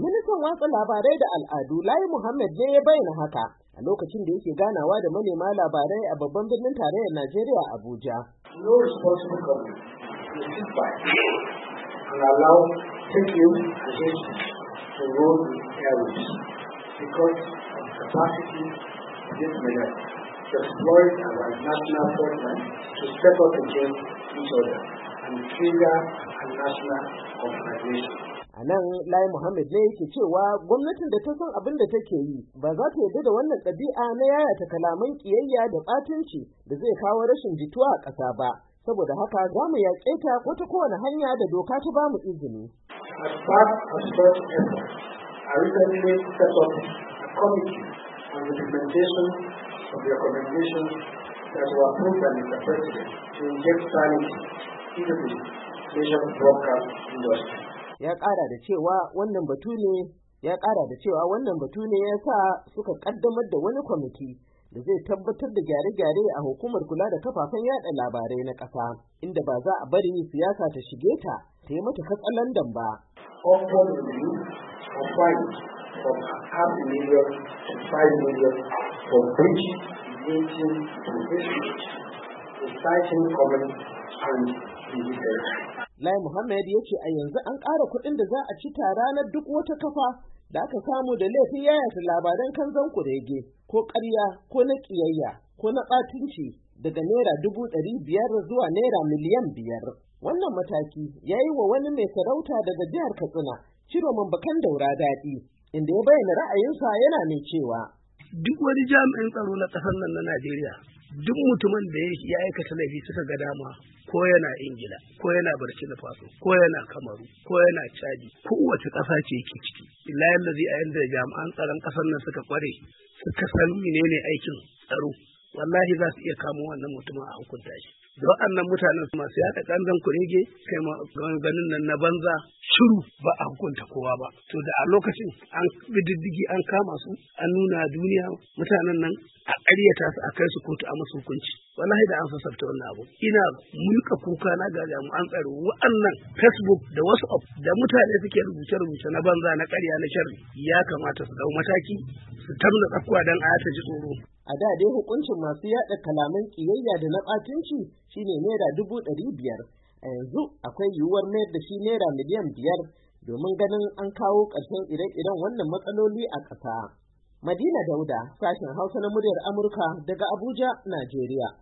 Ministan watsa labarai da al'adu Layi Muhammad ne ya bayyana haka a lokacin da yake ganawa da manema labarai a babban birnin tarayyar Najeriya Abuja. No to step up against each other and trigger a national a nan lai muhammad ne yake cewa gwamnatin da ta san abin da take yi ba za ta yarda da wannan ɗabi'a na yayata kalaman ƙiyayya da ɓatanci da zai kawo rashin jituwa a ƙasa ba saboda haka za mu yaƙe ta ko kowane hanya da doka ta ba mu izini. As far as such efforts are recently set up a committee on the implementation of the recommendations that were approved by Mr. President to inject sanity into the nation's broadcast industry. ya ƙara da cewa wannan batu ne ya ƙara da cewa wannan batu ne ya sa suka ƙaddamar da wani kwamiti da zai tabbatar da gyare-gyare a hukumar kula da kafafen yada labarai na ƙasa inda ba za a bari siyasa ta shige ta ta yi mata katsalandan ba. Lai Muhammad ya ce a yanzu an ƙara kuɗin da za a ci ranar duk wata kafa da aka samu da laifin yayata labaran kanzon kurege ko ƙarya ko na ƙiyayya ko na ɓatunci daga naira dubu ɗari biyar zuwa naira miliyan biyar. Wannan mataki ya yi wa wani mai sarauta daga jihar Katsina, ciro mambakan Daura daɗi, inda ya bayyana ra'ayinsa yana mai cewa. duk wani jami'in tsaro na ƙasar nan na Najeriya duk mutumin da ya aikata laifi suka ga dama ko yana Ingila ko yana Burkina Faso ko yana Kamaru ko yana Chadi wace ƙasa ce yake ciki billahi allazi a yanda jami'an tsaron ƙasar nan suka kware suka san menene aikin tsaro wallahi za su iya kamo wannan mutumin a hukunta shi da waɗannan mutanen su masu yaɗa ƙanzan kurege kai ganin nan na banza shiru ba a hukunta kowa ba to da a lokacin an bididdigi an kama su an nuna duniya mutanen nan a ƙaryata su a kai su kotu a masu hukunci wallahi da an sassafta wannan abu ina mulka kuka na ga jami'an an tsaro waɗannan facebook da whatsapp da mutane suke rubuce rubuce na banza na ƙarya na sharri ya kamata su dau mataki su tabbata tsakuwa dan a ta ji tsoro a da dai hukuncin masu yada kalaman kiyayya da na shi shine naira dubu ɗari biyar a yanzu akwai yiwuwar mayar da shi naira miliyan biyar domin ganin an kawo ƙarshen ire-iren wannan matsaloli a ƙasa. Madina Dauda, sashen Hausa na muryar Amurka daga Abuja, Najeriya.